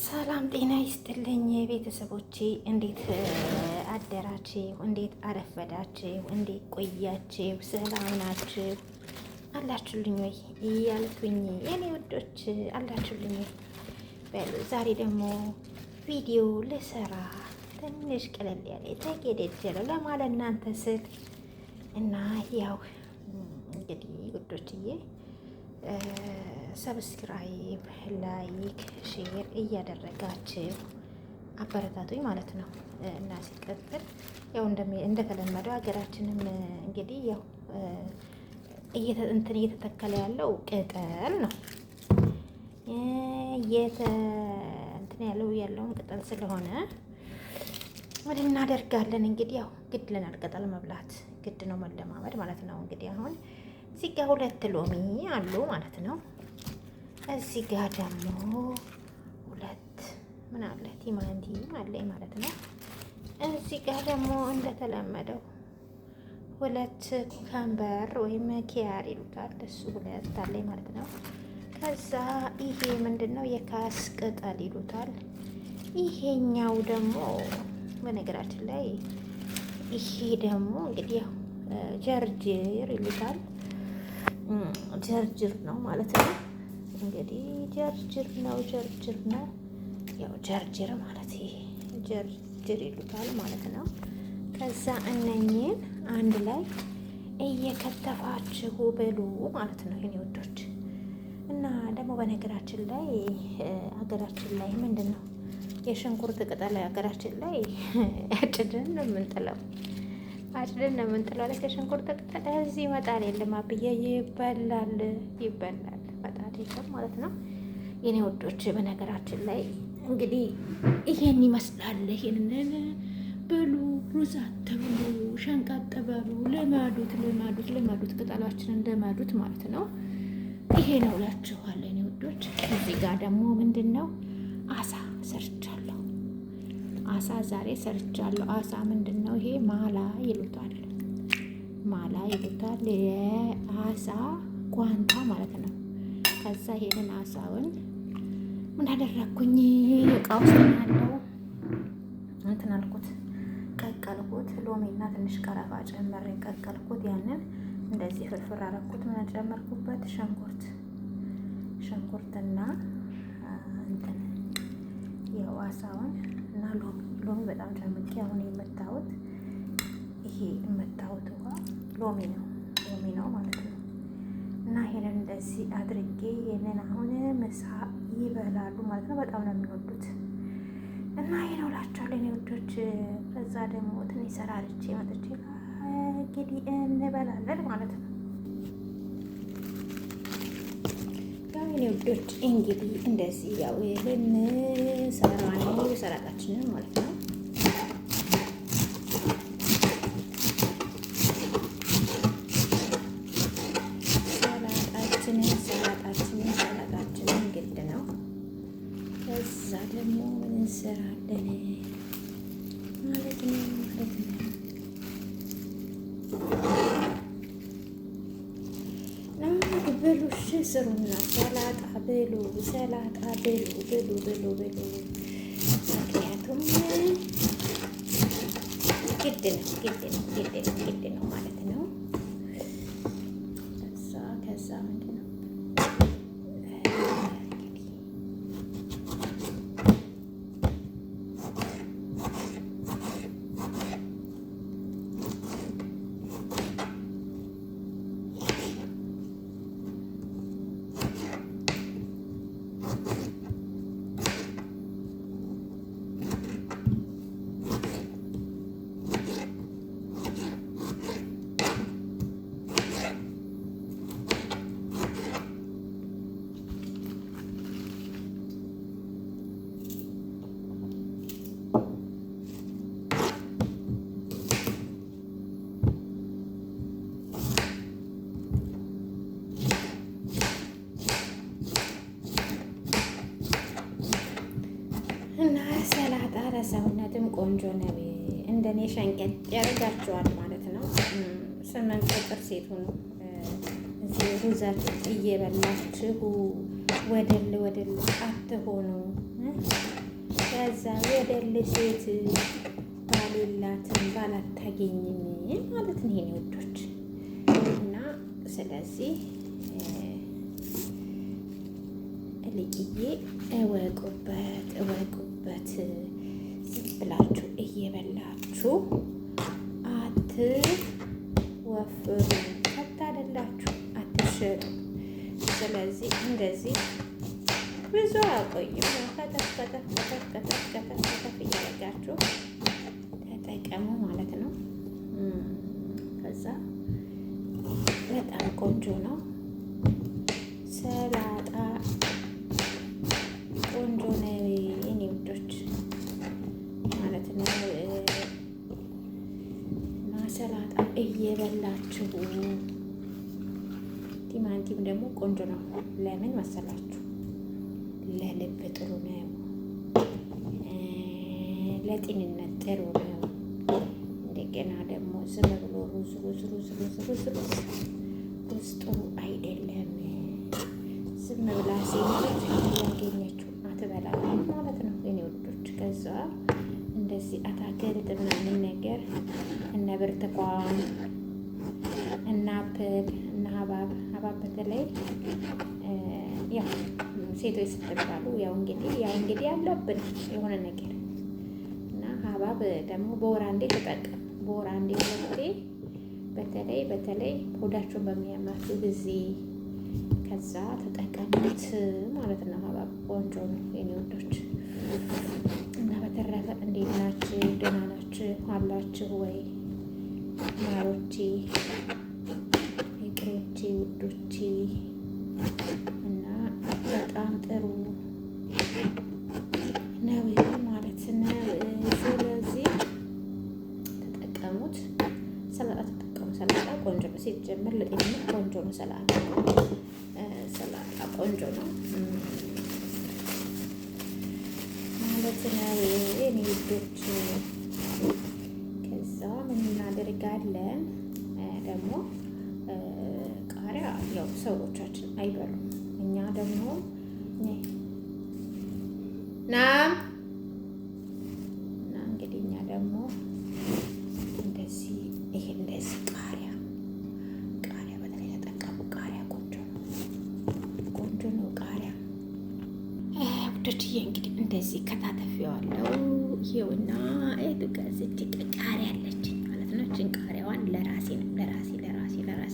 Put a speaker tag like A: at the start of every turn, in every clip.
A: ሰላም ጤና ይስጥልኝ ቤተሰቦቼ፣ እንዴት አደራችሁ? እንዴት አረፈዳችሁ? እንዴት ቆያችሁ? ሰላም ናችሁ? አላችሁልኝ ወይ እያልኩኝ የኔ ውዶች አላችሁልኝ ወይ? በሉ ዛሬ ደግሞ ቪዲዮ ልሰራ ትንሽ ቀለል ያለ ተገደጀለው ለማለት እናንተ ስል እና ያው እንግዲህ ወዶችዬ ሰብስክራይብ፣ ላይክ፣ ሼር እያደረጋችሁ አበረታቱኝ ማለት ነው እና ሲቀጥል ያው እንደተለመደው ሀገራችንም እንግዲህ ያው እንትን እየተተከለ ያለው ቅጠል ነው እንትን ያለው ያለውን ቅጠል ስለሆነ ምን እናደርጋለን እንግዲህ ያው ግድ ለናል ቅጠል መብላት ግድ ነው መለማመድ ማለት ነው እንግዲህ አሁን እዚህ ጋ ሁለት ሎሚ አሉ ማለት ነው። እዚህ ጋ ደግሞ ሁለት ምን አለ ቲማቲም አለ ማለት ነው። እዚህ ጋ ደግሞ እንደተለመደው ሁለት ከንበር ወይም ኪያር ይሉታል እሱ ሁለት አለ ማለት ነው። ከዛ ይሄ ምንድን ነው የካስ ቅጠል ይሉታል። ይሄኛው ደግሞ በነገራችን ላይ ይሄ ደግሞ እንግዲህ ጀርጅር ይሉታል። ጀርጅር ነው ማለት ነው። እንግዲህ ጀርጅር ነው ጀርጅር ነው ያው ጀርጅር ማለት ይሄ ጀርጅር ይሉታል ማለት ነው። ከዛ እነኝን አንድ ላይ እየከተፋችሁ ብሉ ማለት ነው የኔ ውዶች። እና ደግሞ በነገራችን ላይ አገራችን ላይ ምንድን ነው የሽንኩርት ቅጠል ሀገራችን ላይ ጭድን ምንጥለው? የምንጥለው አጭደን ነው የምንጥለው። ላይ ሽንኩርት ተቀጠለ እዚህ መጣል የለም አብዬ ይበላል ይበላል፣ መጣል የለም ማለት ነው የኔ ወዶች። በነገራችን ላይ እንግዲህ ይሄን ይመስላል። ይሄንን በሉ ሩዝ አትብሉ፣ ሸንቃ በሉ፣ ልማዱት፣ ልማዱት፣ ልማዱት፣ ቅጠላችንን ልማዱት ማለት ነው። ይሄ ነው እላችኋለሁ የኔ ወዶች። እዚህ ጋር ደግሞ ምንድን ነው አሳ ሰርት አሳ ዛሬ ሰርቻለሁ። አሳ ምንድን ነው ይሄ? ማላ ይሉታል። ማላ ይሉታል። የአሳ ጓንታ ማለት ነው። ከዛ ይሄንን አሳውን ምን አደረግኩኝ? እቃ ውስጥ ያለው እንትን አልኩት፣ ቀቀልኩት። ሎሚና ትንሽ ቀረፋ ጨመሬ ቀቀልኩት። ያንን እንደዚህ ፍርፍር አረኩት። ምን ጨመርኩበት? ሽንኩርት ሽንኩርትና እንትን የዋሳውን እና ሎሚ ሎሚ በጣም ጨምቄ አሁን የመታሁት ይሄ የመታሁት ውሃ ሎሚ ነው ሎሚ ነው ማለት ነው። እና ይሄንን እንደዚህ አድርጌ ይሄንን አሁን ምሳ ይበላሉ ማለት ነው። በጣም ነው የሚወዱት እና ይሄ ነው እላቸዋለሁ የእኔ ውዶች። ከዛ ደግሞ ትንሽ ሰራርቼ መጥቼ እንግዲህ እንበላለን ማለት ነው። የኔ ውዶች እንግዲህ እንደዚህ ያው ልንሰራ ነው ሰላጣችንን ማለት ነው። ሰላጣችንን ሰላጣችንን ሰላጣችንን ግድ ነው። ከዛ ደግሞ ምን እንሰራለን ማለት ነው ማለት ነው ብሉ ስሩና ሰላጣ ብሉ ሰላጣ ብሉ ብሉ ብሉ ብሉ። ምክንያቱም ግድ ነው ግድ ነው ግድ ነው ግድ ነው ማለት ነው። ከዛ ከዛ ምን ለሰውነትም ቆንጆ ነው። እንደኔ ሸንቀጥ ያደርጋቸዋል ማለት ነው። ስምንት ቁጥር ሴት ሁኑ። ዘር እየበላችሁ ወደል ወደል አትሆኑ። ከዛ ወደል ሴት ባሌላትን ባላታገኝም ማለት ነው የኔ ውዶች እና ስለዚህ ልቅዬ እወቁበት እወቁበት። ብላችሁ እየበላችሁ አትወፍሩ። ከብታደላችሁ አትሸጡ። ስለዚህ እንደዚህ ብዙ አያቆይም። ከተፍ ከተፍ ከተፍ ከተፍ ከተፍ ከተፍ እያደረጋችሁ ተጠቀሙ ማለት ነው። ከዛ በጣም ቆንጆ ነው። የበላችሁ። ቲማንቲም ደግሞ ቆንጆ ነው። ለምን መሰላችሁ? ለልብ ጥሩ ነው፣ ለጤንነት ጥሩ ነው። እንደገና ደግሞ ዝም ብሎ ሩዝ ሩዝ ሩዝ ሩዝ ሩዝ ሩዝ ሩዝ ጥሩ አይደለም። ዝም ብላ ሴት ያገኘችው አትበላም ማለት ነው። እኔ ውዶች ከዛ እንደዚህ አታክልት ምናምን ነገር እነ ብርቱካን ክፍል እና ሀባብ ሀባብ በተለይ ያው ሴቶች ስትባሉ ያው እንግዲህ ያው እንግዲህ ያለብን የሆነ ነገር እና ሀባብ ደግሞ በወር አንዴ ተጠቀም። በወር አንዴ ሁለቴ በተለይ በተለይ ሆዳቸውን በሚያማችሁ ጊዜ ከዛ ተጠቀሙት ማለት ነው። ሀባብ ቆንጆ ነው የኔ ወዶች። እና በተረፈ እንዴት ናችሁ? ደህና ናችሁ አላችሁ ወይ ማሮቼ? ውዶቼ እና በጣም ጥሩ ነው ማለት ነው። ስለዚህ ተጠቀሙት። ሰላጣ ተጠቀሙ። ሰላጣ ቆንጆ ነው፣ ሲጀመር ለጤንነት ቆንጆ ነው። ሰላጣ ሰላጣ ቆንጆ ነው ማለት ነው የኔ ውዶች። ከዛ ምን እናደርጋለን ደግሞ ቃሪያ ያው ሰዎቻችን አይበሉም። እኛ ደግሞ ናም እና እንግዲህ እኛ ደግሞ እንደዚህ ይሄ እንደዚህ ቃሪያ ቃሪያ በተለይ ተጠቀሙ። ቃሪያ ቆንጆ ነው፣ ቆንጆ ነው ቃሪያ ውዶችዬ። እንግዲህ እንደዚህ ከታተፊዋለው ይኸውና፣ ቱ ጋር ቃሪያ አለችኝ ማለት ነው። ቃሪያዋን ለራሴ ነው ለራሴ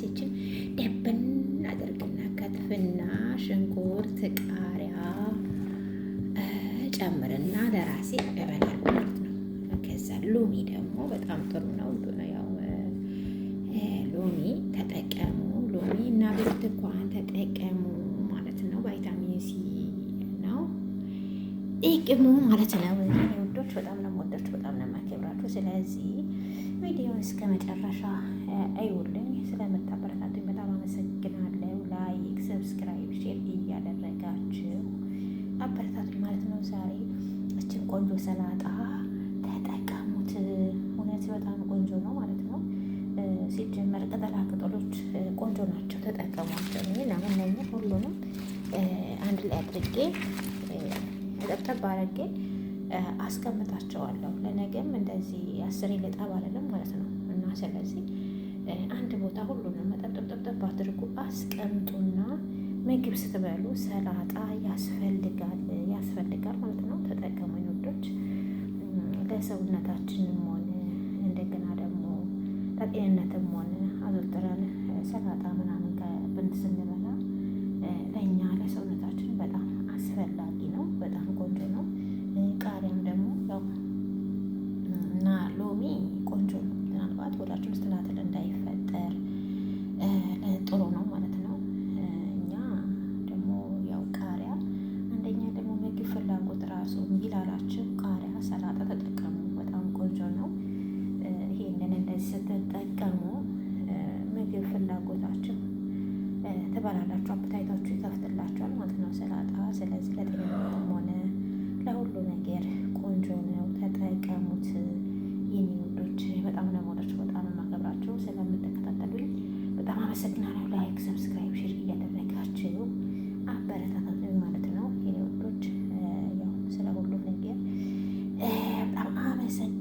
A: ሲችል ደብን አድርግና ከትፍና ሽንኩርት፣ ቃሪያ ጨምርና ለራሴ እበላል ማለት ነው። ከዛ ሎሚ ደግሞ በጣም ጥሩ ነው። ያው ሎሚ ተጠቀሙ። ሎሚ እና ብርቱካን ተጠቀሙ ማለት ነው። ቫይታሚን ሲ ነው ጥቅሙ ማለት ነው። ውዶች በጣም ነው የምወዳችሁ፣ በጣም ነው የማከብራችሁ። ስለዚህ ቪዲዮ እስከ መጨረሻ አይውልኝ ስለምታበረታቱኝ በጣም አመሰግናለሁ። ላይክ፣ ሰብስክራይብ፣ ሼር እያደረጋችሁ አበረታቱኝ ማለት ነው። ዛሬ እችን ቆንጆ ሰላጣ ተጠቀሙት። እውነት በጣም ቆንጆ ነው ማለት ነው። ሲጀመር ቅጠላ ቅጠሎች ቆንጆ ናቸው፣ ተጠቀሟቸው። እኔ ለምን ሁሉንም አንድ ላይ አድርጌ ጠብጠብ አድርጌ አስቀምጣቸዋለሁ። ለነገም እንደዚህ አስሬ ልጣብ አልልም ማለት ነው እና ስለዚህ አንድ ቦታ ሁሉንም መጠብጠብጠብ አድርጉ አስቀምጡና ምግብ ስትበሉ ሰላጣ ያስፈልጋል ያስፈልጋል ማለት ነው። ተጠቀሙ ውዶች፣ ለሰውነታችንም ሆነ እንደገና ደግሞ ለጤንነትም ሆነ አዘውትረን ሰላጣ ምናምን ከብን ስንበላ ለእኛ ለሰውነታችን በጣም አስፈላጊ ነው። በጣም ቆንጆ ነው። ስትጠቀሙ ምግብ ፍላጎታችሁ ትበላላችሁ፣ አፕታይታችሁ ይከፍትላችኋል ማለት ነው ሰላጣ። ስለዚህ ለጤንነትም ሆነ ለሁሉ ነገር ቆንጆ ነው፣ ተጠቀሙት። የኔ ውዶች በጣም ለመወዳችሁ በጣም የማከብራችሁ ስለምትከታተሉኝ በጣም አመሰግናለሁ። ላይክ፣ ሰብስክራይብ፣ ሼር እያደረጋችሁ አበረታታችሁ ማለት ነው የኔ ውዶች። ያው ስለ ሁሉም ነገር በጣም አመሰግ